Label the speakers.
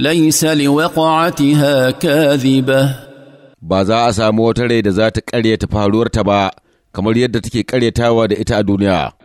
Speaker 1: ليس لوقعتها كاذبة ba za a samu wata rai da za ta ƙaryata faruwarta ba kamar yadda take ƙaryatawa da ita a duniya